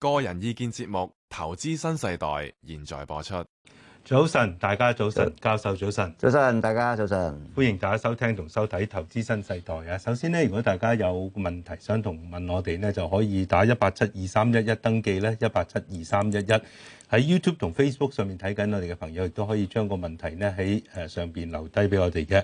個人意見節目《投資新世代》現在播出。早晨，大家早晨，早教授早晨，早晨，大家早晨，歡迎大家收聽同收睇《投資新世代》啊！首先咧，如果大家有問題想同問我哋咧，就可以打一八七二三一一登記咧，一八七二三一一喺 YouTube 同 Facebook 上面睇緊我哋嘅朋友，亦都可以將個問題咧喺誒上邊留低俾我哋嘅。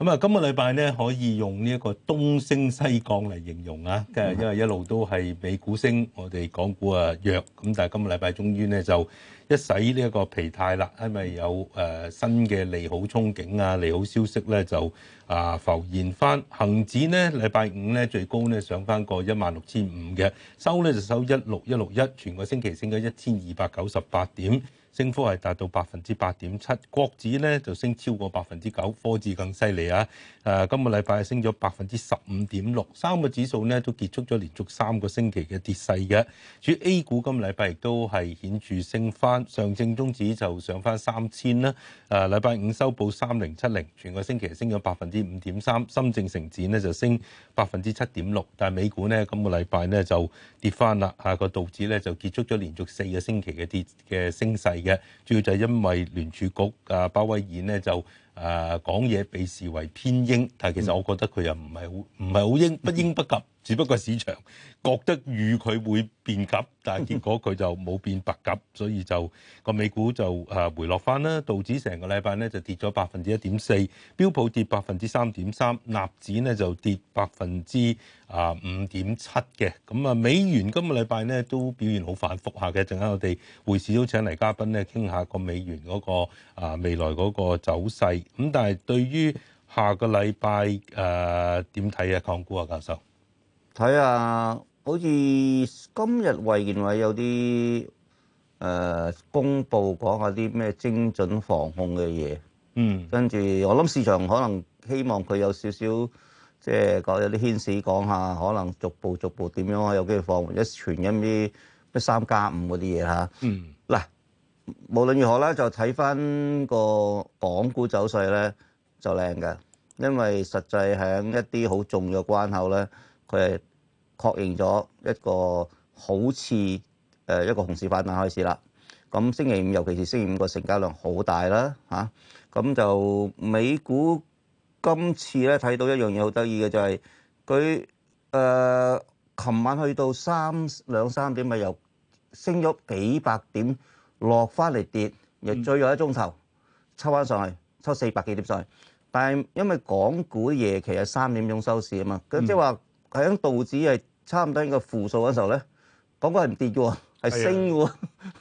咁啊，今個禮拜咧可以用呢一個東升西降嚟形容啊，因為一路都係美股升，我哋港股啊弱，咁但係今個禮拜終於咧就一洗呢一個疲態啦，因為有誒、呃、新嘅利好憧憬啊，利好消息咧就啊浮現翻，恒指呢禮拜五咧最高咧上翻個一萬六千五嘅，收咧就收一六一六一，全個星期升咗一千二百九十八點。升幅係達到百分之八點七，國指呢就升超過百分之九，科指更犀利啊！誒，今個禮拜升咗百分之十五點六，三個指數呢都結束咗連續三個星期嘅跌勢嘅。至於 A 股今個禮拜亦都係顯著升翻，上證中指就上翻三千啦。誒，禮拜五收報三零七零，全個星期升咗百分之五點三。深證成指呢就升百分之七點六，但係美股呢今個禮拜呢就跌翻啦。下個道指呢就結束咗連續四個星期嘅跌嘅升勢。嘅，主要就係因為聯儲局啊，鮑威爾咧就啊講嘢被視為偏鷹，但係其實我覺得佢又唔係唔係好鷹，不鷹不鴿。只不過市場覺得預佢會變急，但係結果佢就冇變白鴿，所以就個美股就啊回落翻啦。道指成個禮拜咧就跌咗百分之一點四，標普跌百分之三點三，納指咧就跌百分之啊五點七嘅。咁啊、嗯，美元今個禮拜咧都表現好反覆下嘅。陣間我哋會事都請嚟嘉賓咧，傾下個美元嗰、那個啊未來嗰個走勢。咁但係對於下個禮拜誒點睇啊？抗股啊，教授。睇下，好似今日衞健委有啲誒公佈講下啲咩精準防控嘅嘢，嗯，跟住我諗市場可能希望佢有少少即係講有啲 hint 講下，可能逐步逐步點樣啊，有機會放緩一傳咁啲咩三加五嗰啲嘢嚇，嗯，嗱，無論如何咧，就睇翻個港股走勢咧就靚嘅，因為實際喺一啲好重要關口咧，佢係。確認咗一個好似誒一個熊市反彈開始啦。咁星期五尤其是星期五個成交量好大啦嚇，咁就美股今次咧睇到一樣嘢好得意嘅就係佢誒琴晚去到三兩三點咪又升咗幾百點，落翻嚟跌，又最後一鐘頭抽翻上去，抽四百幾點上去。但係因為港股夜期係三點鐘收市啊嘛，咁即係話喺道指係。差唔多應該負數嗰時候咧，講句係唔跌嘅喎，係升嘅喎。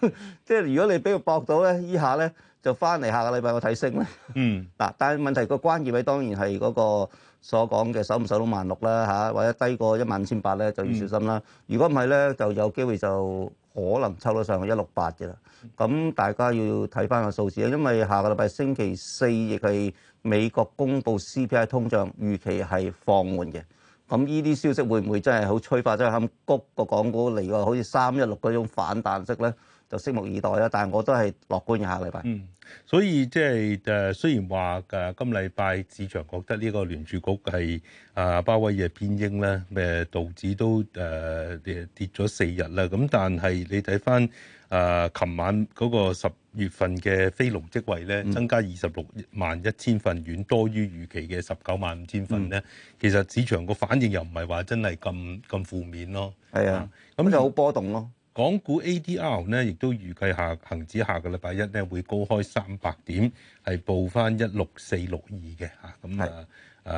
哎、呀 即係如果你俾佢搏到咧，依下咧就翻嚟下個禮拜我睇升咧。嗯。嗱，但係問題個關鍵位當然係嗰個所講嘅守唔守到萬六啦嚇，或者低過一萬五千八咧就要小心啦。如果唔係咧，就有機會就可能抽到上一六八嘅啦。咁大家要睇翻個數字啦，因為下個禮拜星期四亦係美國公布 CPI 通脹預期係放緩嘅。咁呢啲消息會唔會真係好催化，即係咁谷個港股嚟，好似三一六嗰種反彈式咧，就拭目以待啦。但係我都係樂觀下禮拜，嗯，所以即係誒，雖然話嘅今禮拜市場覺得呢個聯儲局係啊鮑威爾偏鷹咧，誒道指都誒、啊、跌跌咗四日啦。咁但係你睇翻。誒，琴、呃、晚嗰個十月份嘅非農職位咧，嗯、增加二十六萬一千份，遠多於預期嘅十九萬五千份咧。嗯、其實市場個反應又唔係話真係咁咁負面咯。係啊，咁就好波動咯。港股 ADR 咧，亦都預計下恆指下個禮拜一咧會高開三百點，係報翻一六四六二嘅吓。咁啊誒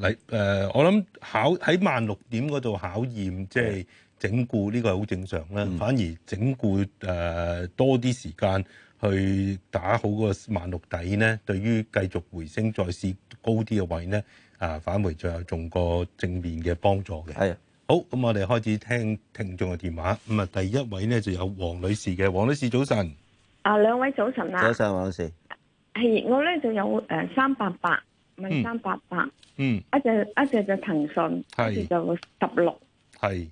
嚟誒，我諗考喺萬六點嗰度考驗，即、就、係、是的。整固呢個係好正常啦，嗯、反而整固誒多啲時間去打好個萬六底咧，對於繼續回升再試高啲嘅位咧，啊，反回最後仲個正面嘅幫助嘅。係的，好，咁，我哋開始聽聽眾嘅電話咁啊，第一位咧就有黃女士嘅，黃女士早晨。啊，兩位早晨啦。早晨黃女士，係我咧就有誒三八八，唔係三八八，嗯，一隻一隻就騰訊，一隻是就十六，係。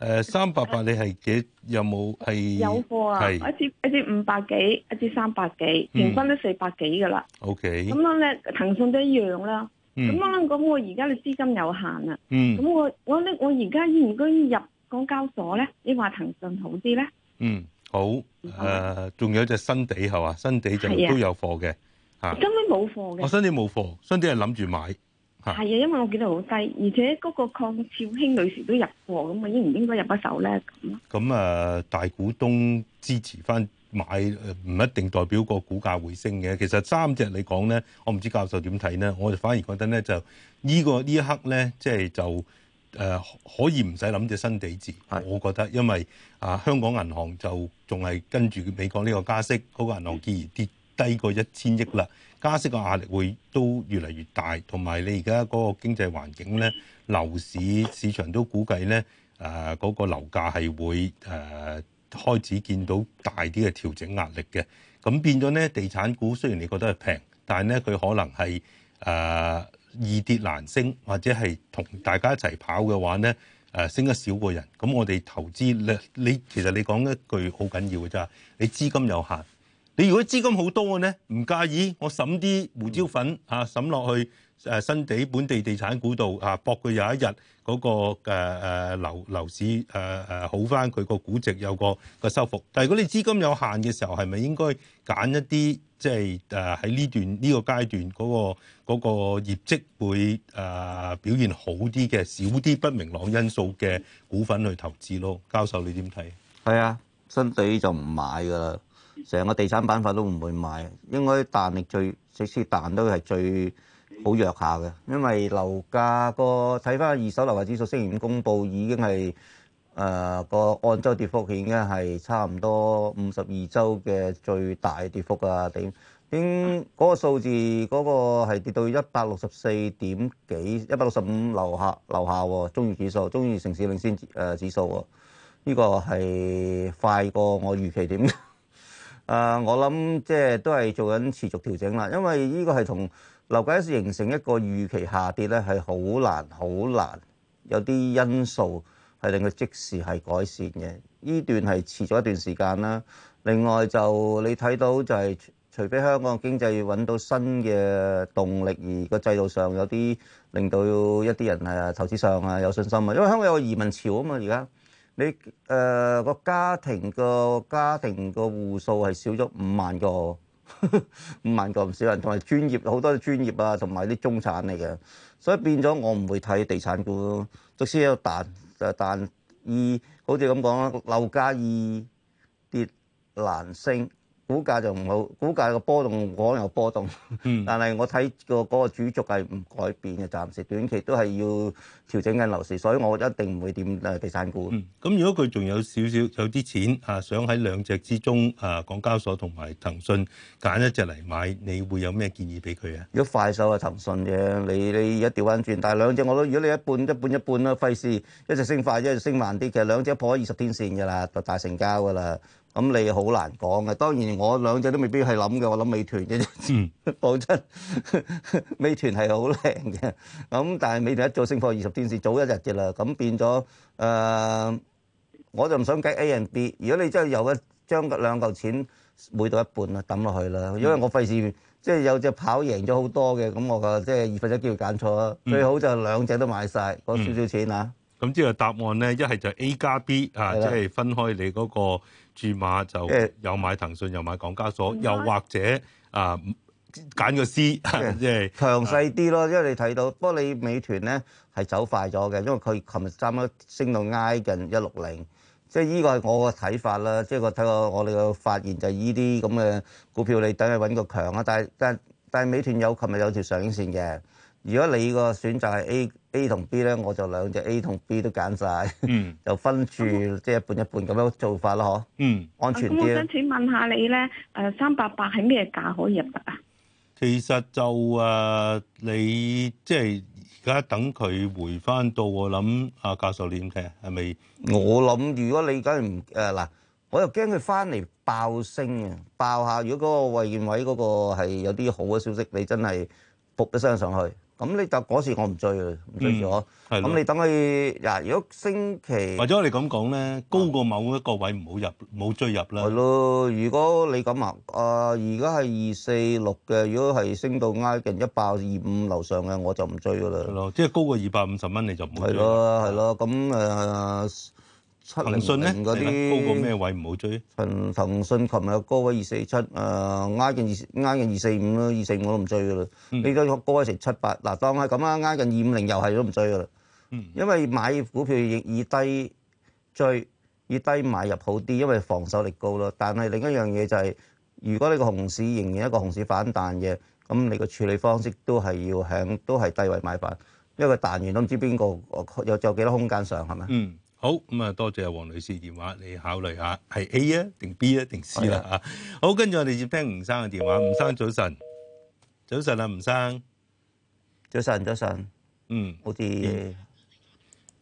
誒，三百八你係幾？有冇係？有貨啊！係，一支一支五百幾，一支三百幾，平均都四百幾噶啦。OK。咁樣咧，騰訊都一樣啦。咁樣講，我而家嘅資金有限啊。嗯。咁我我咧，我而家如果入港交所咧，你話騰訊好啲咧？嗯，好。誒、呃，仲有隻新地係嘛？新地就、啊、都有貨嘅。吓、啊，根本冇貨嘅。我新地冇貨，新地係諗住買。係啊，因為我見到好低，而且嗰個鄺兆興女士都入過，咁啊應唔應該入一手咧？咁咁啊，大股東支持翻買，唔、呃、一定代表個股價會升嘅。其實三隻你講咧，我唔知教授點睇咧，我就反而覺得咧就呢、呢個呢一刻咧，即係就誒、呃、可以唔使諗隻新地字。的我覺得，因為啊、呃、香港銀行就仲係跟住美國呢個加息，嗰、那個銀行竟然跌低過一千億啦。加息嘅壓力會都越嚟越大，同埋你而家嗰個經濟環境咧，樓市市場都估計咧，誒、呃、嗰、那個樓價係會誒、呃、開始見到大啲嘅調整壓力嘅。咁變咗咧，地產股雖然你覺得係平，但係咧佢可能係誒、呃、易跌難升，或者係同大家一齊跑嘅話咧，誒、呃、升得少過人。咁我哋投資咧，你其實你講一句好緊要嘅啫，你資金有限。你如果資金好多嘅呢，唔介意我沈啲胡椒粉啊，沈落去誒新地本地地產股度啊，搏佢有一日嗰個誒誒樓樓市誒誒好返，佢個估值有個個收復。但係如果你資金有限嘅時候，係咪應該揀一啲即係誒喺呢段呢個階段嗰個嗰個業績會誒表現好啲嘅，少啲不明朗因素嘅股份去投資咯？教授你點睇？係啊，新地就唔買㗎喇。成個地產板塊都唔會買，應該彈力最即使彈都係最好弱下嘅。因為樓價個睇翻二手樓價指數，星期五公佈已經係誒、呃嗰個按周跌幅已經係差唔多五十二周嘅最大跌幅啊！點點嗰個數字嗰、嗰個係跌到一百六十四點幾一百六十五樓下樓下中原指數、中原城市領先誒指數喎，呢、呢個係快過我預期點？ 誒，我諗即係都係做緊持續調整啦，因為呢個係同樓價形成一個預期下跌咧，係好難好難，有啲因素係令佢即時係改善嘅。呢段係遲咗一段時間啦。另外就你睇到就係除非香港經濟揾到新嘅動力，而個制度上有啲令到一啲人啊投資上啊有信心啊，因為香港有個移民潮啊嘛，而家。你誒個、呃、家庭個家庭個戶數係少咗五萬個，五 萬個唔少人，同埋專業好多專業啊，同埋啲中產嚟嘅，所以變咗我唔會睇地產股咯。即使有但誒彈二，好似咁講樓價易跌難升。股價就唔好，股價嘅波動可能有波動，嗯、但係我睇個嗰主軸係唔改變嘅，暫時短期都係要調整緊樓市，所以我一定唔會點誒地產股。咁、嗯、如果佢仲有少少有啲錢啊，想喺兩隻之中啊，港交所同埋騰訊揀一隻嚟買，你會有咩建議俾佢啊？如果快手啊騰訊嘅，你你而家掉翻轉，但係兩隻我都，如果你一半一半一半啦，費事一隻升快，一隻升慢啲，其實兩隻破咗二十天線㗎啦，就大成交㗎啦。咁你好難講嘅，當然我兩隻都未必係諗嘅。我諗美團嘅，講真美團係好靚嘅。咁但係美團一做升幅二十天線，早一日嘅啦。咁變咗誒，我就唔想計 A 同 B。如果你真係有一將兩嚿錢每到一半啦，抌落去啦。因為我費事即係有隻跑贏咗好多嘅，咁我嘅即係二分一機會揀錯啦。最好就兩隻都買曬嗰少少錢啊！咁之後答案咧，一係就 A 加 B 啊，即係分開你嗰個。注碼就，即又買騰訊，Yeah. 又買港交所，Yeah. 又或者啊，揀、uh, 個 C，即係 Yeah. 強勢啲咯。因為你睇到，不過你美團咧係走快咗嘅，因為佢琴日差唔多升到挨近一六零。即係依個係我個睇法啦。即係我睇過我哋嘅發現就係依啲咁嘅股票，你等佢揾個強啊！但係但係但係美團有琴日有條上升線嘅。如果你個選擇係 A A 同 B 咧，我就兩隻 A 同 B 都揀曬，嗯、 就分住即係一半一半咁樣做法咯，嗬、嗯？安全啲。我想請問下你咧，誒三百八係咩價可以入得啊？其實就誒、呃，你即係而家等佢回翻到我，我諗啊教授你點睇？係咪？我諗如果你梗係唔誒嗱，我又驚佢翻嚟爆升啊！爆下，如果嗰個衛健委嗰個係有啲好嘅消息，你真係卜一聲上去。咁你就嗰時我唔追啦，唔追咗。咁、嗯、你等佢，嗱、啊，如果星期……或者你咁講咧，高過某一個位唔好入，冇追入啦。係咯，如果你咁啊，啊而家係二四六嘅，如果係升到挨近一百二五樓上嘅，我就唔追噶啦。係咯，即係高過二百五十蚊你就唔係咯，係咯，咁誒。啊騰訊咧，啲高過咩位唔好追？騰騰訊琴日高位二四七，誒挨近二挨近二四五咯，二四五都唔追噶啦。你都高位成七八，嗱當係咁啊，挨近二五零又係都唔追噶啦。因為買股票以低追，以低買入好啲，因為防守力高咯。但係另一樣嘢就係、是，如果你個熊市仍然一個熊市反彈嘅，咁你個處理方式都係要響，都係低位買板，因為彈完都唔知邊個有有幾多空間上係咪？好咁啊，嗯，多謝阿黃女士電話，你考慮下係 A 啊定 B 啊定 C 啦、啊、吓。的好，跟住我哋接聽吳生嘅電話。吳生早晨，早晨啊，吳生早，早晨早晨，嗯，好似像。嗯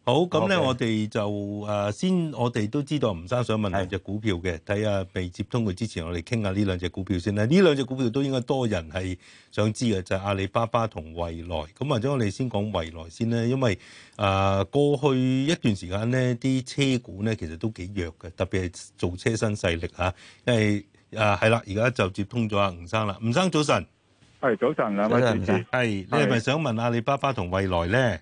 好，咁咧我哋就誒 Okay. 先，我哋都知道吳生想問兩隻股票嘅，睇下是未接通佢之前，我哋傾下呢兩隻股票先啦。呢兩隻股票都應該多人係想知嘅，就係、是、阿里巴巴同蔚來。咁或者我哋先講蔚來先啦，因為誒、呃、過去一段時間呢啲車股咧其實都幾弱嘅，特別係造車新勢力嚇、啊，因為誒係啦。而、啊、家就接通咗阿吳生啦，吳生早晨，係早晨啊，先生，係你係咪想問阿里巴巴同蔚來咧？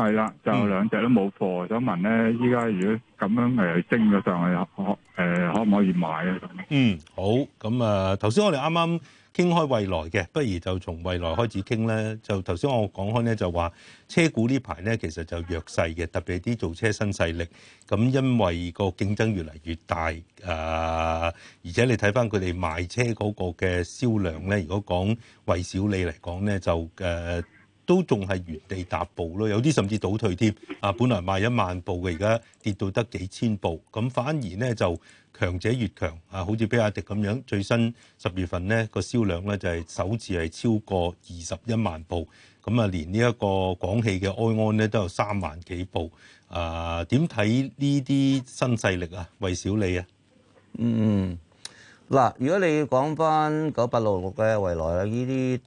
係啦，就兩隻都冇貨，我想問咧，依家如果咁樣去升咗上去，可誒可唔可以買啊？嗯，好，咁啊，頭先我哋啱啱傾開蔚來嘅，不如就從蔚來開始傾咧。就頭先我講開咧，就話車股呢排咧其實就弱勢嘅，特別係啲造車新勢力，咁因為個競爭越嚟越大，啊，而且你睇翻佢哋賣車嗰個嘅銷量咧，如果李講蔚小理嚟講咧，就誒。啊都仲係原地踏步咯，有啲甚至倒退添。啊，本來賣一萬部嘅，而家跌到得幾千部。咁反而咧就強者越強。啊，好似比亞迪咁樣，最新十月份咧個銷量咧就係首次係超過二十一萬部。咁啊，連呢一個廣汽嘅埃安咧都有三萬幾部。啊，點睇呢啲新勢力啊？蔚小理啊，嗯，嗱，如果你講翻九八六六嘅未來啊，呢啲。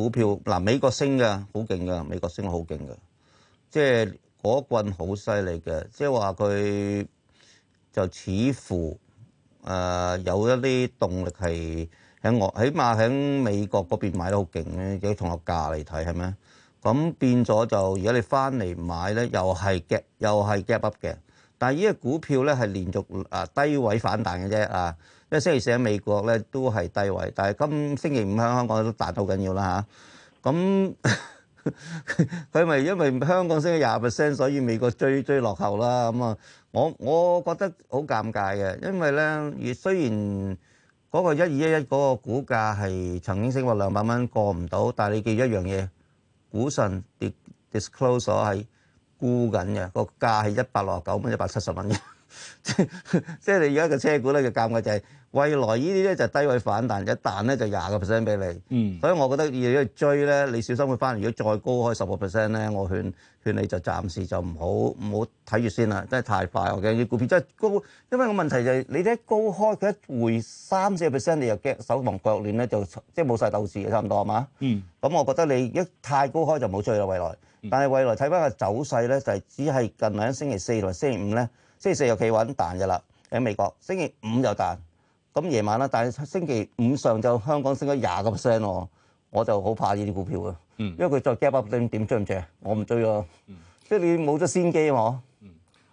股票，嗱，美國升嘅好勁㗎，美國升好勁㗎，即係嗰棍好犀利嘅，即係話佢就似乎誒有一啲動力係喺我，起碼喺美國嗰邊買得好勁咧。有啲同學價嚟睇係咪？咁變咗就如果你翻嚟買咧，又係 gap，又係 gap up 嘅。但係依個股票咧係連續啊低位反彈嘅啫啊！因為星期四喺美國咧都係低位，但係今星期五喺香港都彈到緊要啦嚇。咁佢咪因為香港升咗廿 percent，所以美國追追落後啦。咁、嗯、啊，我我覺得好尷尬嘅，因為咧，雖然嗰個一二一一嗰個股價係曾經升過兩百蚊過唔到，但係你記住一樣嘢，股神跌 disclosure 係沽緊嘅，個價係一百六十九蚊、一百七十蚊嘅。即即係你而家個車股咧，個價位就係蔚來呢啲咧就低位反彈，一彈咧就廿個 percent 俾你。嗯，所以我覺得而家追咧，你小心會返嚟。如果再高開十個 percent 咧，我勸勸你就暫時就唔好唔好睇住先啦，真係太快。我驚啲股票真係高，因為個問題就係你一高開佢一回三四個 percent，你又驚手忙腳亂咧，就即係冇晒鬥志嘅差唔多係嘛？嗯，咁我覺得你一太高開就冇追啦。未來，但係未來睇翻個走勢咧，就係只係近兩星期四同星期五咧。即係四日企穩彈嘅啦，喺美國星期五又彈，咁夜晚啦，但係星期五上晝香港升咗廿個 percent 喎，我就好怕呢啲股票啊，嗯、因為佢再 gap 翻點追唔追？我唔追咯、啊，嗯、即係你冇咗先機喎、嗯。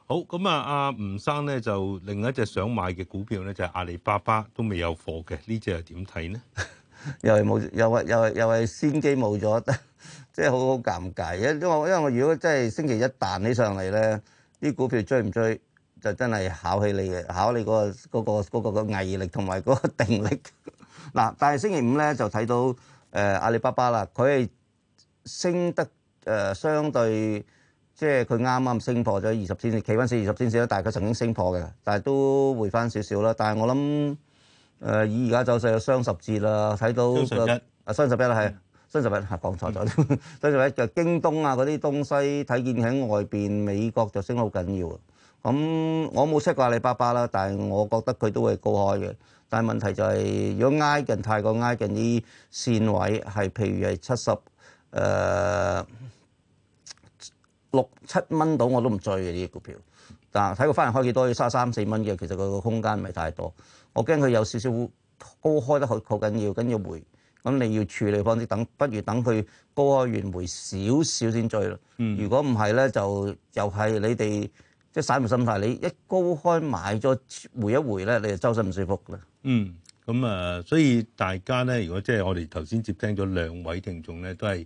好，咁啊，阿吳生咧就另一隻想買嘅股票咧就係、是、阿里巴巴都未有貨嘅，呢隻又點睇呢？ 又係冇，又係又係又係先機冇咗， 即係好好尷尬。因為因為我如果真係星期一彈起上嚟咧，啲股票追唔追？真係考起你嘅，考你、嗰個嗰、嗰個嗰、嗰個嗰個、毅力同埋嗰個定力嗱。 但係星期五咧就睇到誒、呃、阿里巴巴啦，佢係升得誒、呃、相對，即係佢啱啱升破咗二十線線，企穩四二十線線啦。但係佢曾經升破嘅，但係都回翻少少啦。但係我諗以而家走勢有雙十節啦，睇到雙、啊、十一，雙十一啊，雙 十一係雙十一係講錯咗。雙十一就京東啊嗰啲東西睇見喺外邊美國就升好緊要啊。咁、嗯、我冇識過阿里巴巴啦，但係我覺得佢都會高開嘅。但係問題就係、是，如果挨近太過挨近啲線位，係譬如係七十誒、呃、六七蚊到，我都唔追嘅啲股票。但係睇佢翻嚟開幾多，要差三四蚊嘅，其實佢個空間唔係太多。我驚佢有少少高開得好緊要，緊要回咁你要處理，或啲等不如等佢高開完回少少先追啦。如果唔係咧，就又係你哋。即係散戶心態，你一高開買咗回一回咧，你就周身唔舒服啦。嗯，嗯，咁啊，所以大家咧，如果即係我哋頭先接聽咗兩位聽眾咧，都係。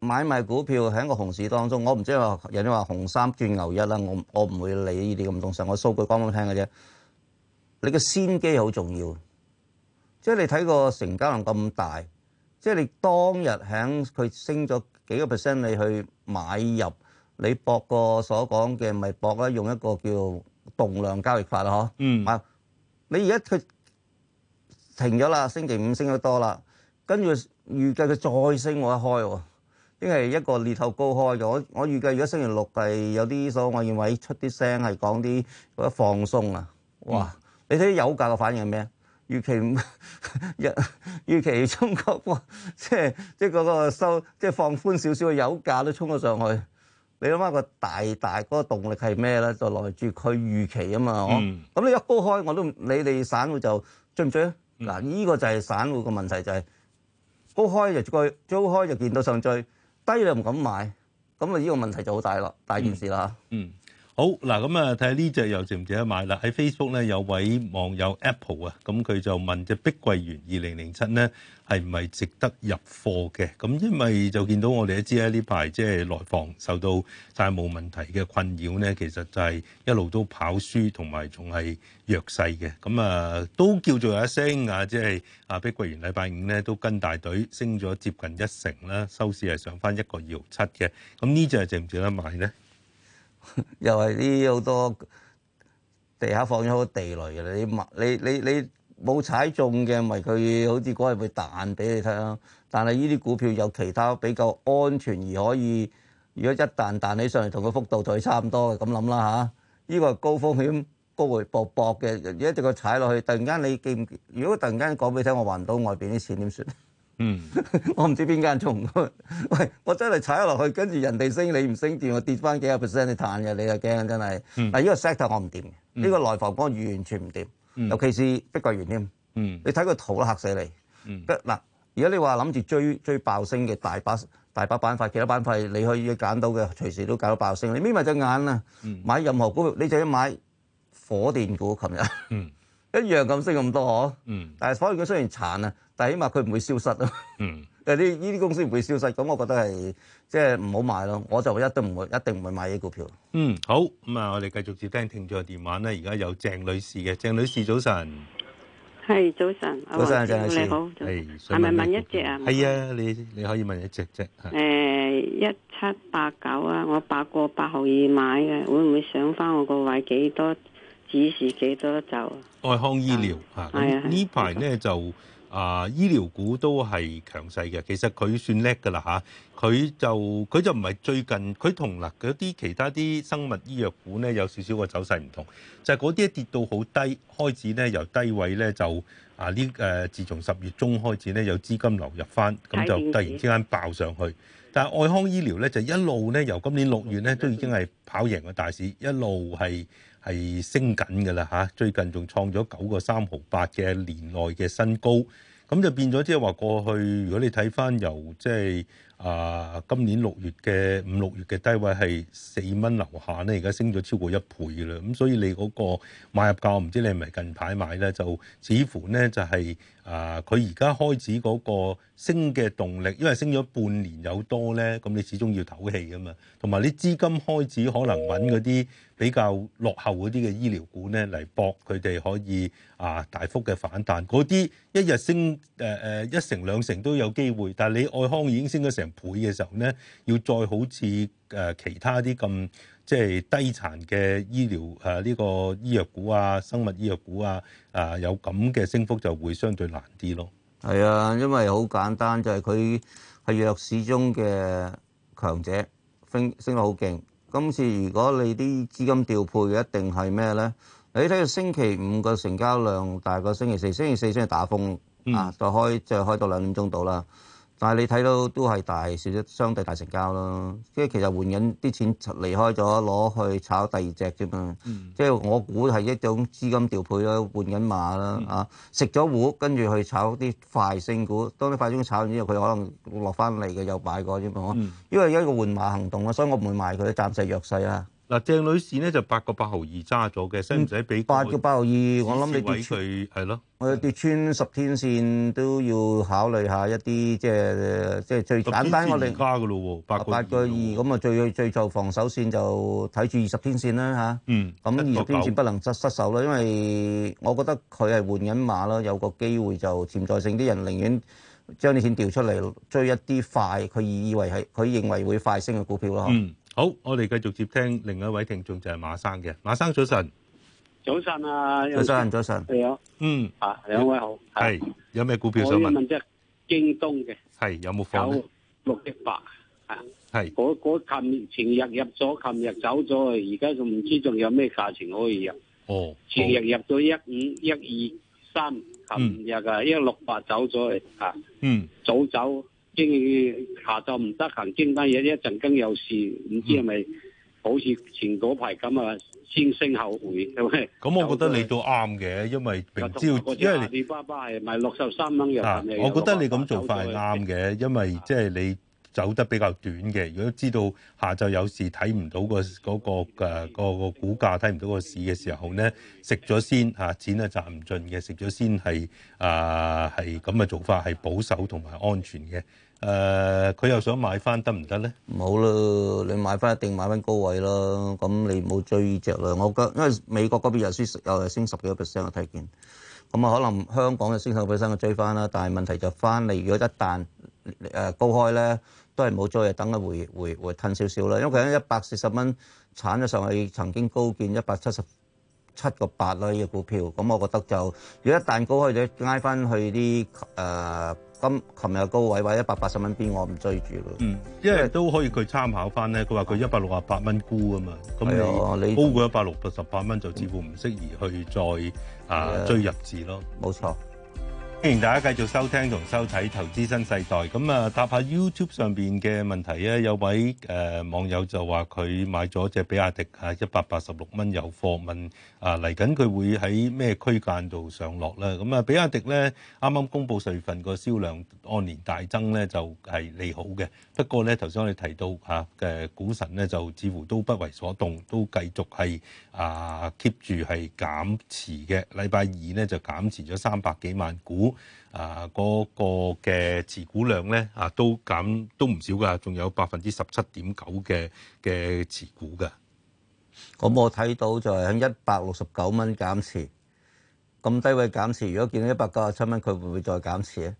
買賣股票喺個熊市當中，我唔知話人哋話紅三轉牛一啦。我我唔會理呢啲咁動神，我數據講講聽嘅啫。你個先機好重要，即係你睇個成交量咁大，即係你當日喺佢升咗幾個 percent，你去買入，你搏個所講嘅咪搏啦。用一個叫動量交易法咯，嗬？嗯，啊，你而家佢停咗啦，星期五升得多啦，跟住預計佢再升，我一開。因為一個獵頭高開咗，我我預計如果星期六係有啲所，我認為出啲聲係講啲嗰啲放鬆啊，哇！你睇啲油價嘅反應係咩啊？預期預期中國即係即係嗰個收即係放寬少少嘅油價都衝咗上去，你諗下個大大嗰個動力係咩咧？就來自佢預期啊嘛，嗬！咁你一高開我都你哋散戶就追唔追啊？嗱，呢個就係散戶個問題，就係高開就追，高開就見到上追。低你又唔敢買，咁啊，呢個問題就好大咯，大件事啦。好嗱，咁啊睇下呢隻又值唔值得買啦？喺 Facebook 咧有位網友 Apple 啊，咁、嗯、佢就問隻碧桂園二零零七咧係唔係值得入貨嘅？咁、嗯、因為就見到我哋都知咧呢排即係內房受到債務問題嘅困擾咧，其實就係一路都跑輸同埋仲係弱勢嘅。咁、嗯、啊都叫做有一升啊，即、就、係、是、啊碧桂園禮拜五咧都跟大隊升咗接近一成啦，收市係上翻一、嗯個二七嘅。咁呢隻係值唔值得買咧？ 又係啲好多地下放咗個地雷嘅，你你你你冇踩中嘅，咪佢好似嗰日會彈俾你睇咯。但係呢啲股票有其他比較安全而可以，如果一旦彈起上嚟，同個幅度就係差唔多嘅。咁諗啦嚇，呢、啊呢個係高風險高回薄薄嘅，一隻佢踩落去，突然間你記唔記？如果突然間講俾你聽，我還唔到外邊啲錢點算？嗯， 我唔知邊間做唔到。喂，我真係踩落去，跟住人哋升，你唔升，跌我跌翻幾個 percent，你彈嘅，你又驚，真係。嗱，呢 個 sector 我唔掂，呢、這個內房股完全唔掂， 尤其是碧桂園添。嗯，你睇個圖都嚇死你。嗯，嗱， 而家你話諗住追追爆升嘅大把大把板塊，其他板塊你可以揀到嘅，隨時都搞到爆升。你眯埋隻眼啊，買任何股票，你就要買火電股。琴日 一樣咁升咁多，嗬。嗯，但係火電股雖然慘啊。但係起碼佢唔會消失咯。嗯，但係啲呢啲公司唔會消失，咁我覺得係即係唔好買咯。我就一都唔會，一定唔會買啲股票。嗯，好。咁啊，我哋繼續接聽聽眾電話咧。而家有鄭女士嘅，鄭女士早晨，係早晨，早晨，你好，係係咪問一隻啊？係啊，你你可以問一隻啫。誒一七八九啊，我八個八號二買嘅，會唔會上翻我個位幾多指示幾多就？愛康醫療啊，係啊，呢排咧就。啊！醫療股都係強勢嘅，其實佢算叻㗎啦吓，佢、啊、就佢就唔係最近，佢同嗰啲其他啲生物醫藥股咧有少少個走勢唔同，就係嗰啲跌到好低，開始咧由低位咧就啊呢誒，自從十月中開始咧有資金流入翻，咁就突然之間爆上去。但係愛康醫療咧就一路咧由今年六月咧都已經係跑贏個大市，一路係。係升緊㗎啦嚇，最近仲創咗九個三毫八嘅年內嘅新高，咁就變咗即係話過去，如果你睇返由即係。啊，今年六月嘅五六月嘅低位係四蚊樓下咧，而家升咗超過一倍啦。咁、嗯、所以你嗰個買入價，唔知你係咪近排買咧？就似乎咧就係、是、啊，佢而家開始嗰個升嘅動力，因為升咗半年有多咧，咁你始終要唞氣啊嘛。同埋你資金開始可能揾嗰啲比較落後嗰啲嘅醫療股咧嚟，搏佢哋可以啊大幅嘅反彈嗰啲一日升誒誒、呃、一成兩成都有機會，但係你愛康已經升咗成倍嘅時候咧，要再好似誒其他啲咁即係低殘嘅醫療誒呢個醫藥股啊、生物醫藥股啊，啊有咁嘅升幅就會相對難啲咯。係啊，因為好簡單，就係佢係弱市中嘅強者，升升得好勁。今次如果你啲資金調配一定係咩咧？你睇個星期五個成交量大過星期四，星期四先係打風、嗯、啊，就開就開到兩點鐘到啦。但係你睇到都係大少少，相對大成交咯。即係其實換緊啲錢離開咗，攞去炒第二隻啫嘛。嗯、即係我估係一種資金調配啦，換緊馬啦、嗯、啊！食咗糊，跟住去炒啲快升股。當啲快升股炒完之後，佢可能落翻嚟嘅又買過啫嘛。嗯、因為一個換馬行動啦，所以我唔會賣佢，暫時弱勢啦。嗱，鄭女士呢，就八個八毫二揸咗嘅，使唔使俾？八個八毫二，我諗你跌穿，係咯。我跌穿十天線都要考慮一下一啲，即係即係最簡單。我哋加嘅咯八個八個二咁啊，最最做防守線就睇住二十天線啦嚇。啊、嗯。咁二十天線不能失失守啦，1> 1因為我覺得佢係換緊馬啦，有個機會就潛在性啲人寧願將啲錢調出嚟追一啲快，佢以為係佢認，認為會快升嘅股票咯。嗯。好，我哋繼續接聽另外一位聽眾就係、是、馬生嘅，馬生早晨，早,晨，啊、早晨，早晨啊，早晨早晨，你好，嗯，啊兩位好，係是，是有咩股票想問？我問即係京東嘅，係有冇放？六一八啊，係是，嗰嗰琴前日入咗，琴日走咗，而家仲唔知仲有咩價錢可以入？哦，前日入咗一五一二三，琴日啊一六八走咗，啊，嗯，早走。今下晝唔得閒，傾單嘢一陣間有事，唔知係咪好似前嗰排咁啊？先升後回，咁、嗯、 個我覺得你都啱嘅，因為明知因為阿里巴巴係賣六十三蚊嘅。我覺得你咁做法係啱嘅，嗯、因為即係你走得比較短嘅。如果知道下晝有事睇唔到、嗰個嗰、嗰個誒、嗰個嗰個股價睇唔到個市嘅時候咧，食咗先，啊錢賺啊賺唔盡嘅，食咗先係，啊係咁嘅做法係保守同埋安全嘅。誒佢、呃、又想買翻得唔得咧？冇啦，你買翻一定買翻高位啦。咁你冇追呢隻啦。我覺得因為美國嗰邊又升又升十幾個 percent 嘅睇見，咁啊可能香港嘅升十幾 percent 嘅追翻啦。但係問題就翻嚟，如果一旦誒、呃、高開咧，都係冇追，等佢回回回褪少少啦。因為佢喺一百四十蚊產咗上去，曾經高見一百七十七個八啦，呢、呢個股票。咁我覺得就如果一旦高開就拉翻去啲誒。呃咁琴日高位位一百八十蚊，邊我唔追住咯。嗯，因為都可以佢參考翻咧，佢話佢一百六啊八蚊沽啊嘛。係你高過一百六十八蚊就似乎唔適宜去再啊的追入市咯。冇錯。歡迎大家繼續收聽同收睇《投資新世代》。咁啊，答下 YouTube 上邊嘅問題啊！有位誒、呃、網友就話佢買咗隻比亞迪啊，一百八十六蚊有貨，問啊嚟緊佢會喺咩區間度上落啦？咁啊，比亞迪咧啱啱公布四月份個銷量按年大增咧，就係、是、利好嘅。不過咧，頭先我哋提到吓嘅、啊、股神咧，就似乎都不為所動，都繼續係啊 keep 住係減持嘅。禮拜二咧就減持咗三百幾萬股，啊嗰個嘅持股量咧啊都減都唔少㗎，仲有百分之十七點九嘅嘅持股㗎。咁我睇到就係喺一百六十九蚊減持，咁低位減持。如果見到一百九十七蚊，佢會唔會再減持咧？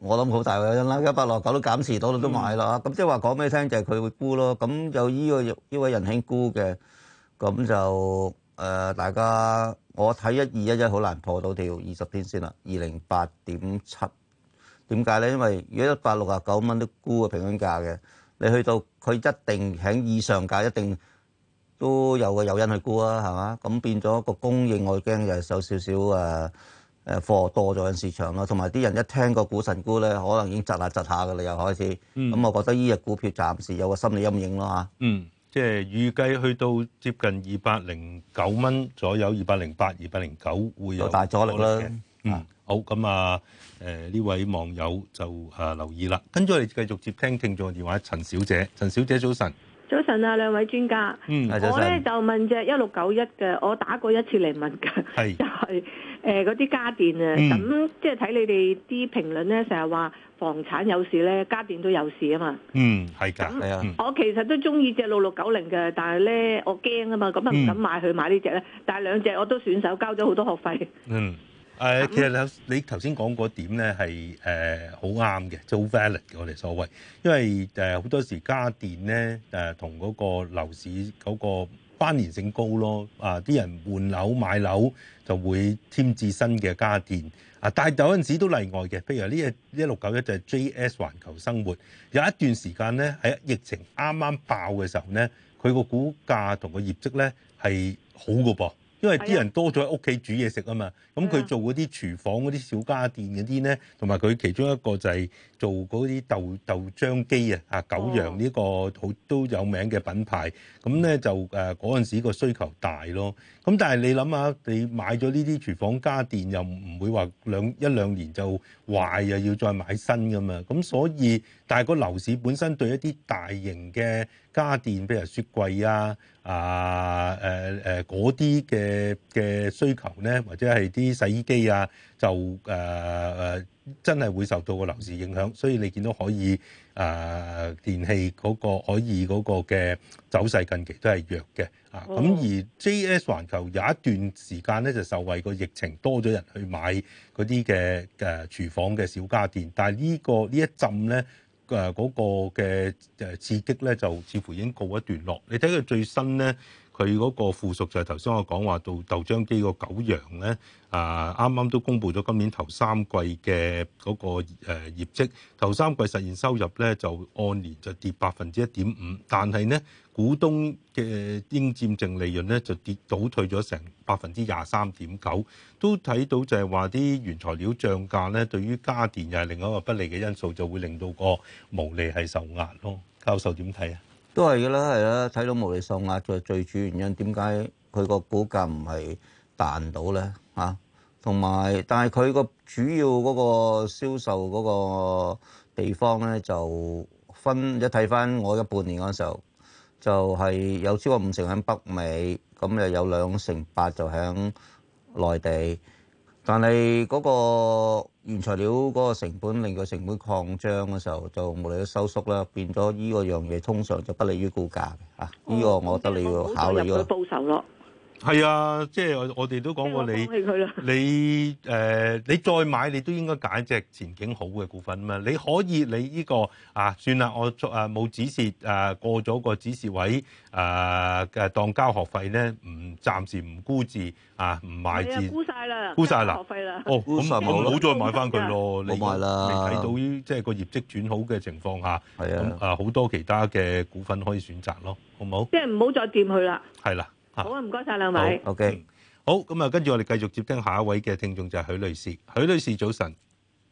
我諗好大原因啦，一八六九都減持，到，多數都買啦咁、嗯、即係話講畀你聽，就係、是、佢會沽咯。咁有依、這個依位仁兄沽嘅，咁就誒、呃、大家我睇一二一一好難破到條二十天線啦，二零八點七。點解咧？因為如果一百六十九蚊都沽個平均價嘅，你去到佢一定喺以上價，一定都有個誘因去沽啊，係嘛？咁變咗個供應我就有點點，我驚又收少少誒。誒貨多咗嘅市場啦，同埋啲人一聽個股神沽咧，可能已經窒下窒下嘅啦，又開始。咁、嗯、我覺得呢隻股票暫時有個心理陰影咯嚇。嗯，即、就、係、是、預計去到接近二百零九蚊左右，二百零八、二百零九會有大阻力啦。嗯，好咁啊，誒呢、呃、位網友就誒、啊、留意啦。跟住我哋繼續接聽聽眾電話，陳小姐，陳小姐早晨。早晨啊，兩位專家，我咧就問隻一六九一嘅，我打過一次嚟問㗎，就係誒嗰啲家電啊，咁即係睇你哋啲評論咧，成日話房產有事咧，家電都有事啊嘛，嗯係啊。係㗎，我其實都中意隻六六九零嘅，但係咧我驚啊嘛，咁啊唔敢買去買呢隻咧，嗯、但係兩隻我都選手交咗好多學費，嗯。誒，其實你頭先講嗰點咧係誒好啱嘅，即係好 valid 嘅我哋所謂，因為誒好多時家電咧誒同嗰個樓市嗰個關聯性高咯，啊啲人換樓買樓就會添置新嘅家電，啊，但係有陣時都例外嘅，譬如呢個一六九一就係 JS 環球生活，有一段時間咧喺疫情啱啱爆嘅時候咧，佢個股價同個業績咧係好嘅噃。因為啲人多咗喺屋企煮嘢食啊嘛，咁佢做嗰啲廚房嗰啲小家電嗰啲咧，同埋佢其中一個就係、係。做嗰啲豆豆漿機啊，啊九陽呢個好都有名嘅品牌，咁咧就誒嗰陣時個需求大咯。咁但係你諗下，你買咗呢啲廚房家電又唔會話兩一兩年就壞啊，又要再買新噶嘛。咁所以，但係個樓市本身對一啲大型嘅家電，譬如雪櫃啊、啊誒誒嗰啲嘅嘅需求咧，或者係啲洗衣機啊，就誒誒。啊啊真係會受到個樓市影響，所以你見到海爾誒、呃、電器嗰、嗰個海爾嗰個嘅走勢近期都係弱嘅啊。咁、oh. 而 JS 環球有一段時間咧就受惠個疫情多咗人去買嗰啲嘅誒廚房嘅小家電，但係、呢個、呢、呃嗰個呢一陣咧誒嗰個嘅誒刺激咧就似乎已經告一段落。你睇佢最新咧。佢嗰個附屬就係頭先我講話到豆漿機個九陽咧，啊啱啱都公布咗今年頭三季嘅嗰個誒業績，頭三季實現收入咧就按年就跌百分之一點五，但係呢，股東嘅應佔淨利潤咧就跌倒退咗成百分之廿三點九，都睇到就係話啲原材料漲價咧，對於家電又係另一個不利嘅因素，就會令到個毛利係受壓咯。教授點睇啊？都係嘅啦，係啦，睇到毛利率就係最主要原因，點解佢個股價唔係彈到咧？嚇、啊，同埋，但係佢個主要嗰個銷售嗰個地方咧，就分一睇翻我一半年嗰時候，就係、是、有超過五成喺北美，咁又有兩成八就喺內地。但係嗰個原材料嗰個成本令到成本擴張嘅時候，就無理收縮啦，變咗呢個樣嘢，通常就不利於估價嘅嚇。呢個我覺得你要考慮咗。係啊，即係我哋都講過你你誒你再買你都應該揀隻前景好嘅股份啊嘛！你可以你呢個啊算啦，我作誒冇指示誒過咗個指示位誒嘅當交學費咧，唔暫時唔沽字啊，唔買字沽曬啦，沽曬啦，學費啦，哦咁唔好再買翻佢咯，你買啦，未睇到於即係個業績轉好嘅情況下，係啊啊好多其他嘅股份可以選擇咯，好唔好？即係唔好再掂佢啦，係啦。好啊，唔該晒兩位。好，O K。好，咁、okay. 啊，跟住我哋繼續接聽下一位嘅聽眾就係許女士。許女士早晨，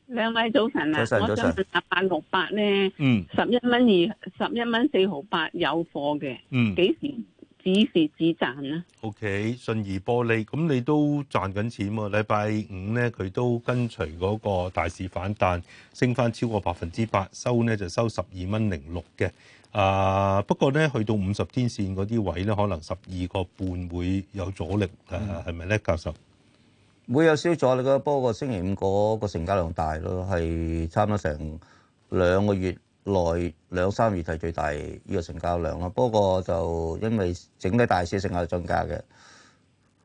兩位早晨啊。早晨，早晨。八六八咧，嗯，十一蚊二十一蚊四毫八有貨嘅，嗯，幾時止蝕止賺咧？O K，信義玻璃咁你都賺緊錢喎。禮拜五咧佢都跟隨嗰個大市反彈，升翻超過百分之八，收咧就收十二蚊零六嘅。啊！Uh, 不過咧，去到五十天線嗰啲位咧，可能十二個半會有阻力，係咪咧，教授？會有少少阻力嘅，不過星期五嗰個成交量大咯，係差唔多成兩個月內兩三月係最大呢個成交量咯。不過就因為整體大市成交增加嘅，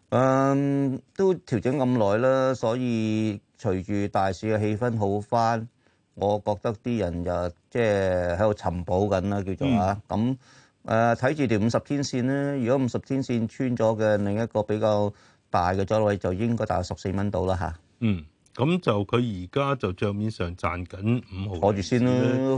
嗯，都調整咁耐啦，所以隨住大市嘅氣氛好返。我覺得啲人就即係喺度尋寶緊啦，叫做嚇咁誒。睇住條五十天線咧，如果五十天線穿咗嘅，另一個比較大嘅阻力，就應該大約十四蚊度啦吓，啊、嗯，咁就佢而家就帳面上賺緊五毫。攞住先啦，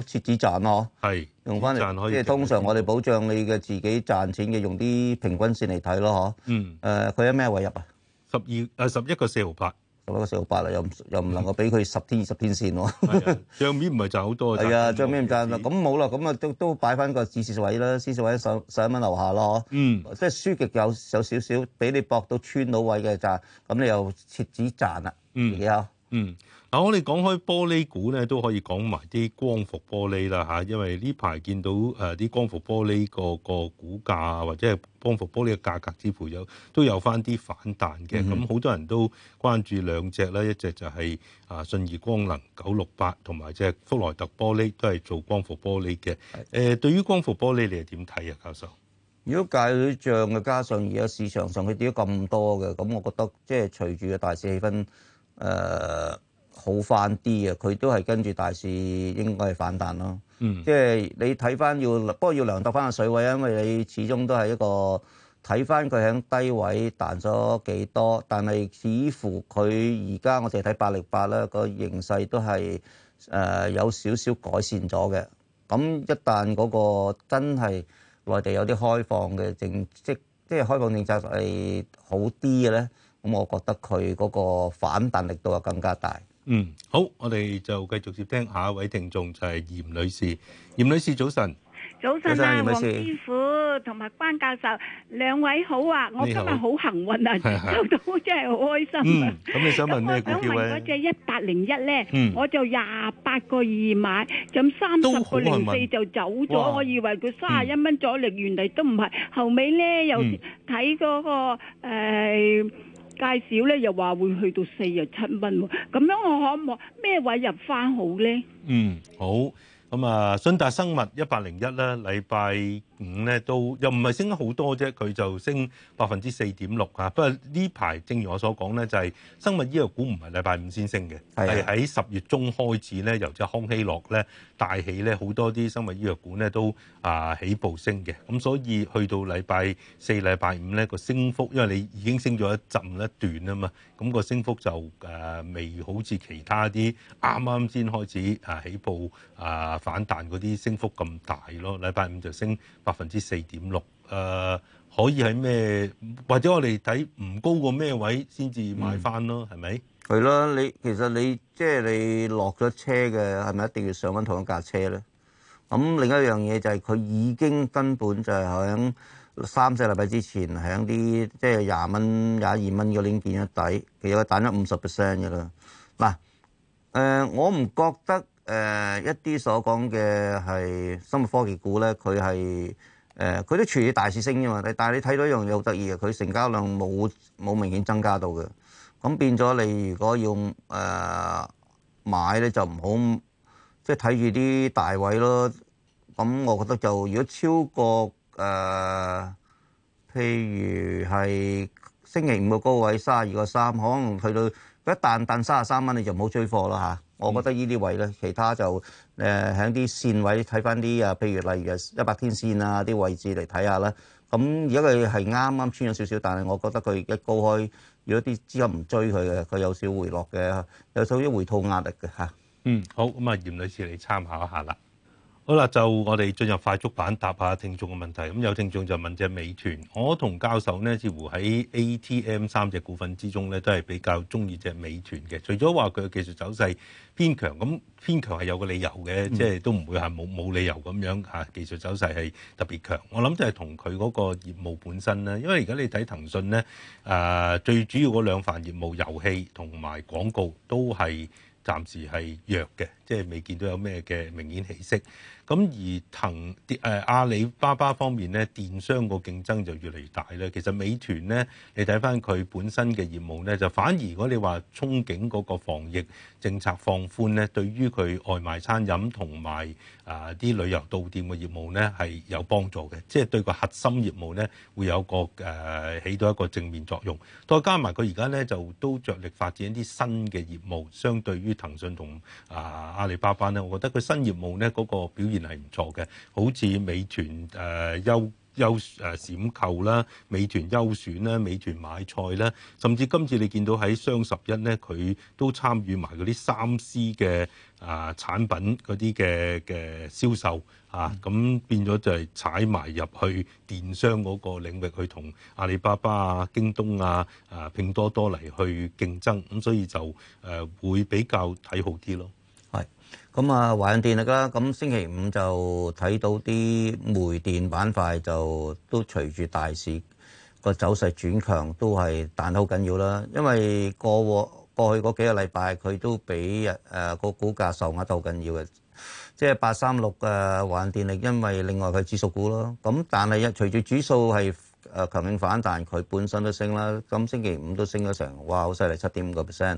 設止賺咯。係用翻嚟，賺可以。即係通常我哋保障你嘅自己賺錢嘅，用啲平均線嚟睇咯，嗬、啊。呃、嗯。誒，佢喺咩位入啊？十二誒十一個四毫八。攞個四六八啦，又又唔能夠俾佢十天二十天線喎、啊 啊。賬面唔係賺好多。係啊，賬面唔賺啦，咁冇啦，咁啊都都擺翻個止蝕位啦，止蝕位上十一蚊樓下咯。嗯，即係輸極有有少少俾你博到穿到位嘅咋。咁你又設止賺啦。嗯，有。嗯。嗱，我哋講開玻璃股咧，都可以講埋啲光伏玻璃啦嚇，因為呢排見到誒啲光伏玻璃個個股價或者係光伏玻璃嘅價格，似乎有都有翻啲反彈嘅。咁好、嗯、多人都關注兩隻咧，一隻就係啊信義光能九六八，同埋即係福萊特玻璃都係做光伏玻璃嘅。誒是、呃，對於光伏玻璃你係點睇啊，教授？如果介佢漲嘅，加上而家市場上佢跌咗咁多嘅？咁我覺得即係隨住嘅大市氣氛誒。呃好翻啲啊！佢都係跟住大市，應該係反彈咯。嗯，即係你睇翻要，不過要量度翻個水位啊，因為你始終都係一個睇翻佢響低位彈咗幾多，但係似乎佢而家我哋睇八零八啦，個形勢都係誒、呃、有少少改善咗嘅。咁一旦嗰個真係內地有啲開放嘅政即即係開放政策係好啲嘅咧，咁我覺得佢嗰個反彈力度就更加大。嗯，好，我哋就繼續接聽下一位聽眾就係、是、嚴女士。嚴女士早晨，早晨啊，晨啊黃師傅同埋關教授兩位好啊，我今日好幸運啊，收好、嗯、到真係好開心、啊嗯。嗯，咁你想問咩？我想問嗰隻一八零一咧，我，呢嗯、我就廿八個二買，咁三十個零四就走咗，我以為佢三十一蚊阻力，原嚟都唔係，後尾咧又睇嗰個誒。嗯嗯嗯介紹咧又話會去到四十七蚊，咁樣我可唔可以咩位入返好咧？嗯，好，咁啊，信達生物一八零一咧，禮拜五咧都又唔係升好多啫，佢就升百分之四點六啊。不過呢排正如我所講咧，就係、是、生物醫藥股唔係禮拜五先升嘅，係喺十月中開始咧，由隻康希諾咧大起咧，好多啲生物醫藥股咧都啊起步升嘅。咁所以去到禮拜四、禮拜五咧個升幅，因為你已經升咗一浸一段啊嘛，咁、那個升幅就誒、啊、未好似其他啲啱啱先開始啊起步啊反彈嗰啲升幅咁大咯。禮拜五就升。百分之四點六，誒、呃、可以喺咩？或者我哋睇唔高過咩位先至買翻咯？係咪、嗯？係啦，你其實你即係你落咗車嘅，係咪一定要上翻同一架車咧？咁、嗯、另一樣嘢就係佢已經根本就係喺三四個禮拜之前喺啲即係廿蚊、廿二蚊嗰啲見咗底，其實有佢彈咗五十 percent 嘅啦。嗱，誒、嗯呃、我唔覺得。誒、呃、一啲所講嘅係生物科技股咧，佢係誒佢都處於大市升啫嘛。但係你睇到一樣嘢好得意嘅，佢成交量冇冇明顯增加到嘅。咁變咗你如果要誒、呃、買咧，就唔好即係睇住啲大位咯。咁我覺得就如果超過誒、呃、譬如係星期五個高位三十二個三，可能去到一彈彈三十三蚊，你就唔好追貨啦吓。我覺得呢啲位咧，其他就誒喺啲線位睇翻啲啊，譬如例如一百天線啊啲位置嚟睇下啦。咁如果佢係啱啱穿咗少少，但係我覺得佢一高開，如果啲資金唔追佢嘅，佢有少少回落嘅，有少少回吐壓力嘅嚇。嗯，好，咁啊，嚴女士你參考一下啦。好啦，就我哋進入快速版答下聽眾嘅問題。咁有聽眾就問隻美團，我同教授呢，似乎喺 ATM 三隻股份之中呢，都係比較中意隻美團嘅。除咗話佢嘅技術走勢偏強，咁偏強係有個理由嘅，嗯、即係都唔會係冇冇理由咁樣嚇，技術走勢係特別強。我諗就係同佢嗰個業務本身啦，因為而家你睇騰訊呢，誒、呃、最主要嗰兩範業務遊戲同埋廣告都係暫時係弱嘅。即係未見到有咩嘅明顯起色，咁而騰誒、呃、阿里巴巴方面咧，電商個競爭就越嚟越大咧。其實美團咧，你睇翻佢本身嘅業務咧，就反而如果你話憧憬嗰個防疫政策放寬咧，對於佢外賣餐飲同埋啊啲旅遊到店嘅業務咧係有幫助嘅，即係對個核心業務咧會有個誒、呃、起到一個正面作用。再加埋佢而家咧就都着力發展一啲新嘅業務，相對於騰訊同啊。呃阿里巴巴咧，我覺得佢新業務咧嗰、這個表現係唔錯嘅，好似美團誒優優誒閃購啦、美團優選啦、美團買菜啦，甚至今次你見到喺雙十一咧，佢都參與埋嗰啲三 C 嘅啊、呃、產品嗰啲嘅嘅銷售啊，咁變咗就係踩埋入去電商嗰個領域去同阿里巴巴啊、京東啊、啊拼多多嚟去競爭咁，所以就誒會、呃、比較睇好啲咯。咁啊，華潤電力啦，咁星期五就睇到啲煤電板塊就都隨住大市個走勢轉強，都係，彈得好緊要啦。因為過過去嗰幾個禮拜佢都俾日誒個股價受壓得好緊要嘅，即係八三六嘅華潤電力，因為另外佢指數股咯。咁但係一隨住指數係誒強勁反彈，佢本身都升啦。咁星期五都升咗成，哇，好犀利，七點五個 percent。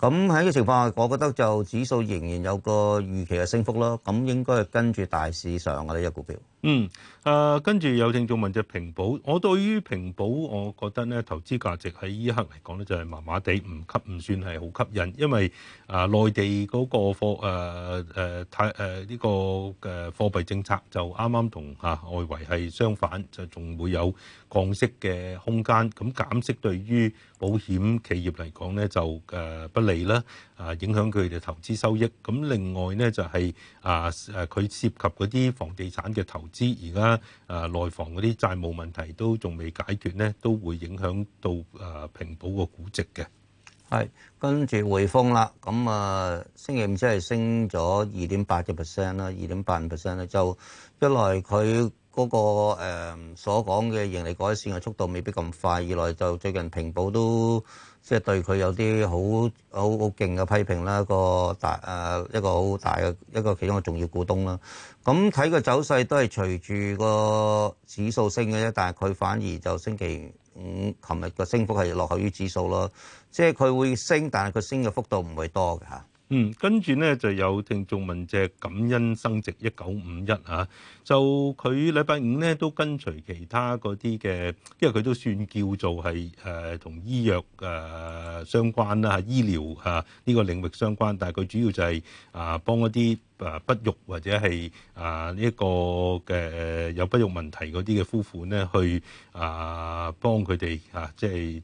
咁喺呢個情況下，我覺得就指數仍然有個預期嘅升幅囉。咁應該係跟住大市上嘅呢隻股票。嗯，誒跟住有聽眾問就平保，我對於平保，我覺得咧投資價值喺依一刻嚟講咧就係麻麻地，唔吸，唔算係好吸引，因為啊內地嗰個貨誒誒太誒呢個誒貨幣政策就啱啱同嚇外圍係相反，就仲會有降息嘅空間。咁減息對於保險企業嚟講咧就誒不利啦，啊影響佢哋投資收益。咁另外咧就係啊誒佢涉及嗰啲房地產嘅投之而家誒內房嗰啲債務問題都仲未解決咧，都會影響到誒平保個估值嘅。係，跟住匯豐啦，咁啊星期五即係升咗二點八嘅 percent 啦，二點八 percent 咧就一來佢。嗰、那個、呃、所講嘅盈利改善嘅速度未必咁快，二來就最近平保都即係對佢有啲好好好勁嘅批評啦，個大誒一個好、呃、大嘅一個其中嘅重要股東啦。咁睇個走勢都係隨住個指數升嘅啫，但係佢反而就星期五琴日嘅升幅係落後於指數咯，即係佢會升，但係佢升嘅幅度唔會多嘅嚇。嗯，跟住咧就有聽眾問隻感恩生殖一九五一啊，就佢禮拜五咧都跟隨其他嗰啲嘅，因為佢都算叫做係誒同醫藥誒、呃、相關啦，嚇、啊、醫療啊呢、這個領域相關，但係佢主要就係、是、啊幫一啲。誒不育或者係啊呢一、這個嘅有不育問題嗰啲嘅夫婦咧，去啊幫佢哋啊，即係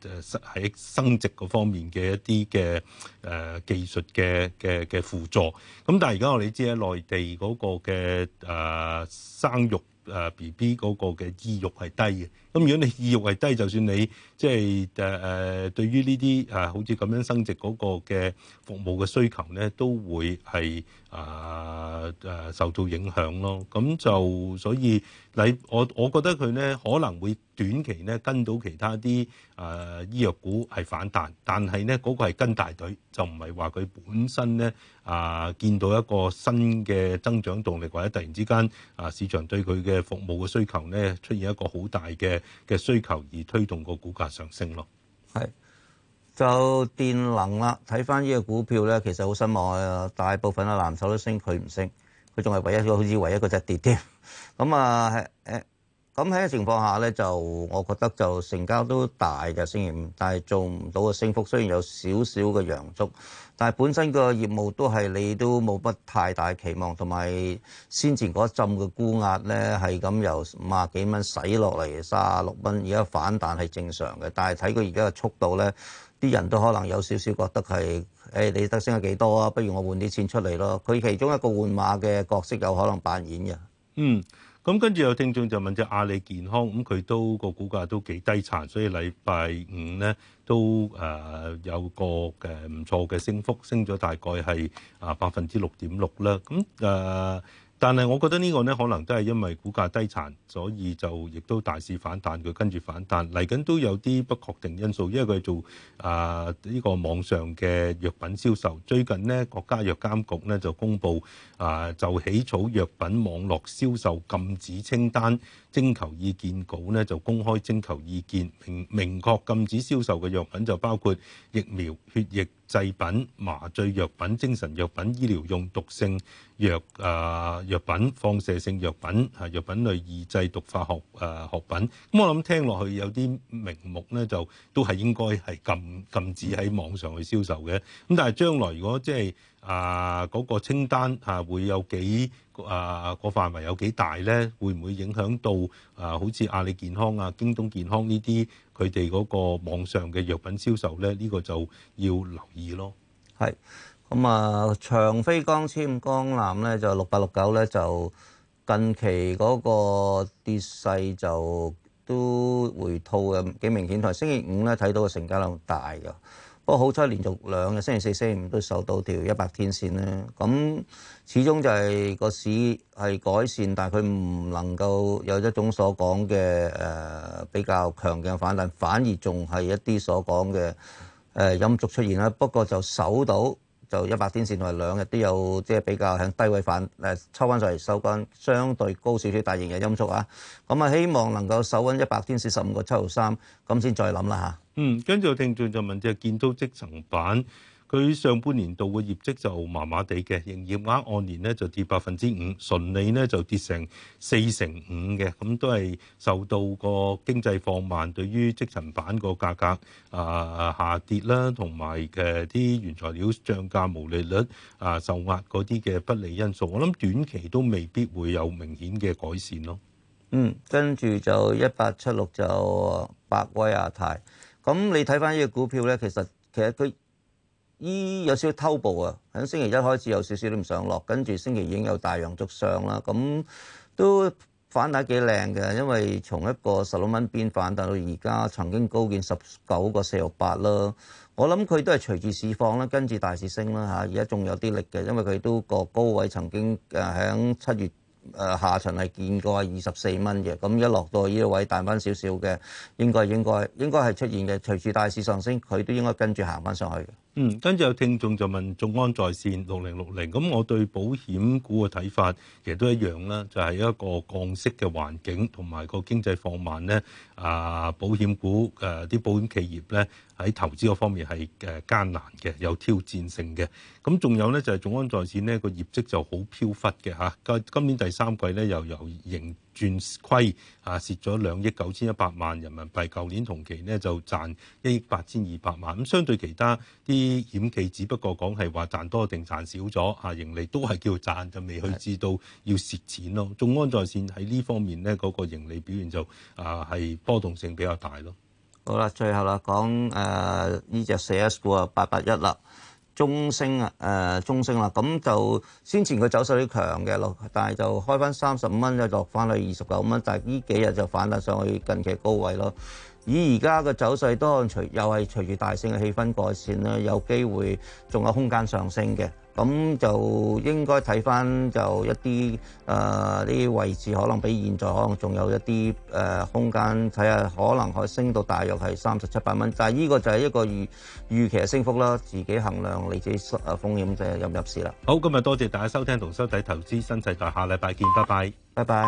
誒誒喺生殖嗰方面嘅一啲嘅誒技術嘅嘅嘅輔助。咁、啊啊、但係而家我哋知喺內地嗰個嘅誒、啊、生育誒 B B 嗰個嘅意欲係低嘅。咁如果你意欲係低，就算你即係誒誒，對於呢啲誒好似咁樣增值嗰個嘅服務嘅需求咧，都會係啊誒受到影響咯。咁就所以你我我覺得佢咧可能會短期咧跟到其他啲誒、呃、醫藥股係反彈，但係咧嗰個係跟大隊，就唔係話佢本身咧啊、呃、見到一個新嘅增長動力，或者突然之間啊市場對佢嘅服務嘅需求咧出現一個好大嘅。嘅需求而推動個股價上升咯，係就電能啦，睇翻呢個股票咧，其實好失望啊！大部分嘅藍籌都升，佢唔升，佢仲係唯一好似唯一個就跌添。咁 啊，誒咁喺情況下咧，就我覺得就成交都大嘅，雖然但係做唔到嘅升幅，雖然有少少嘅陽燭。但係本身個業務都係你都冇乜太大期望，同埋先前嗰一陣嘅沽壓咧，係咁由五啊幾蚊使落嚟卅六蚊，而家反彈係正常嘅。但係睇佢而家嘅速度咧，啲人都可能有少少覺得係，誒、欸、你得升咗幾多啊？不如我換啲錢出嚟咯。佢其中一個換馬嘅角色有可能扮演嘅。嗯。咁跟住有聽眾就問隻阿里健康，咁佢都個股價都幾低殘，所以禮拜五咧都誒、呃、有個嘅唔錯嘅升幅，升咗大概係啊百分之六點六啦，咁誒。呃但係，我覺得呢個呢，可能都係因為股價低殘，所以就亦都大市反彈。佢跟住反彈嚟緊，都有啲不確定因素。因為佢做啊呢個網上嘅藥品銷售，最近呢，國家藥監局呢就公布啊，就起草藥品網絡銷售禁止清單徵求意見稿呢就公開徵求意見，明明確禁止銷售嘅藥品就包括疫苗、血液製品、麻醉藥品、精神藥品、醫療用毒性藥啊、呃、藥品、放射性藥品啊、藥品類易製毒化學啊、學、呃、品，咁、嗯、我諗聽落去有啲名目咧，就都係應該係禁禁止喺網上去銷售嘅。咁、嗯、但係將來如果即係，啊，嗰、那個清單啊，會有幾啊個範圍有幾大咧？會唔會影響到啊？好似阿里健康啊、京東健康呢啲，佢哋嗰個網上嘅藥品銷售咧，呢、這個就要留意咯。係，咁啊，長飛光纖光纜咧就六八六九咧就近期嗰個跌勢就都回吐嘅幾明顯，同星期五咧睇到個成交量大㗎。不過好彩連續兩日星期四、星期五都守到條一百天線咧，咁始終就係個市係改善，但係佢唔能夠有一種所講嘅誒比較強嘅反彈，反而仲係一啲所講嘅誒陰燭出現啦。不過就守到。就一百天線內兩日都有，即係比較向低位反誒抽翻上嚟收緊相對高少少大型嘅陰燭啊！咁啊，希望能夠守穩一百天線十五個七毫三，咁先再諗啦嚇。嗯，跟住聽眾就問即係建滔積層板。佢上半年度嘅業績就麻麻地嘅，營業額按年咧就跌百分之五，純利咧就跌成四成五嘅，咁、嗯、都係受到個經濟放慢，對於積層板個價格啊、呃、下跌啦，同埋嘅啲原材料漲價、毛利率啊、呃、受壓嗰啲嘅不利因素，我諗短期都未必會有明顯嘅改善咯。嗯，跟住就一八七六就百威亞太，咁你睇翻呢個股票咧，其實其實佢。依有少少偷步啊！響星期一開始有少少都唔上落，跟住星期已經有大陽燭上啦。咁都反彈幾靚嘅，因為從一個十六蚊邊反彈，到而家曾經高見十九個四六八啦。我諗佢都係隨住市況啦，跟住大市升啦嚇。而家仲有啲力嘅，因為佢都個高位曾經誒響七月誒下旬係見過二十四蚊嘅。咁一落到依個位，彈翻少少嘅，應該應該應該係出現嘅。隨住大市上升，佢都應該跟住行翻上去。嗯，跟住有聽眾就問眾安在線六零六零，咁我對保險股嘅睇法其實都一樣啦，就係一個降息嘅環境同埋個經濟放慢咧，啊保險股誒啲保險企業咧。喺投資嗰方面係誒艱難嘅，有挑戰性嘅。咁仲有呢，就係眾安在線呢個業績就好飄忽嘅嚇。今今年第三季呢，又由盈轉虧，啊蝕咗兩億九千一百萬人民幣。舊年同期呢，就賺一億八千二百萬。咁相對其他啲險企，只不過講係話賺多定賺少咗啊，盈利都係叫賺就未去至到要蝕錢咯。眾安在線喺呢方面呢，嗰個盈利表現就啊係波動性比較大咯。好啦，最後啦，講誒呢隻四 s 股啊，八八一啦，中升啊誒、呃、中升啦，咁就先前佢走勢都強嘅咯，但係就開翻三十五蚊就落翻去二十九蚊，但係呢幾日就反彈上去近期高位咯。以而家嘅走勢都，都隨又係隨住大市嘅氣氛改善啦，有機會仲有空間上升嘅。咁就應該睇翻就一啲誒啲位置，可能比現在可能仲有一啲誒、呃、空間，睇下可能可升到大約係三十七百蚊，但係呢個就係一個預預期嘅升幅啦，自己衡量你自己誒風險就入唔入市啦。好，今日多謝大家收聽同收睇投資新世代，下禮拜見，拜拜，拜拜。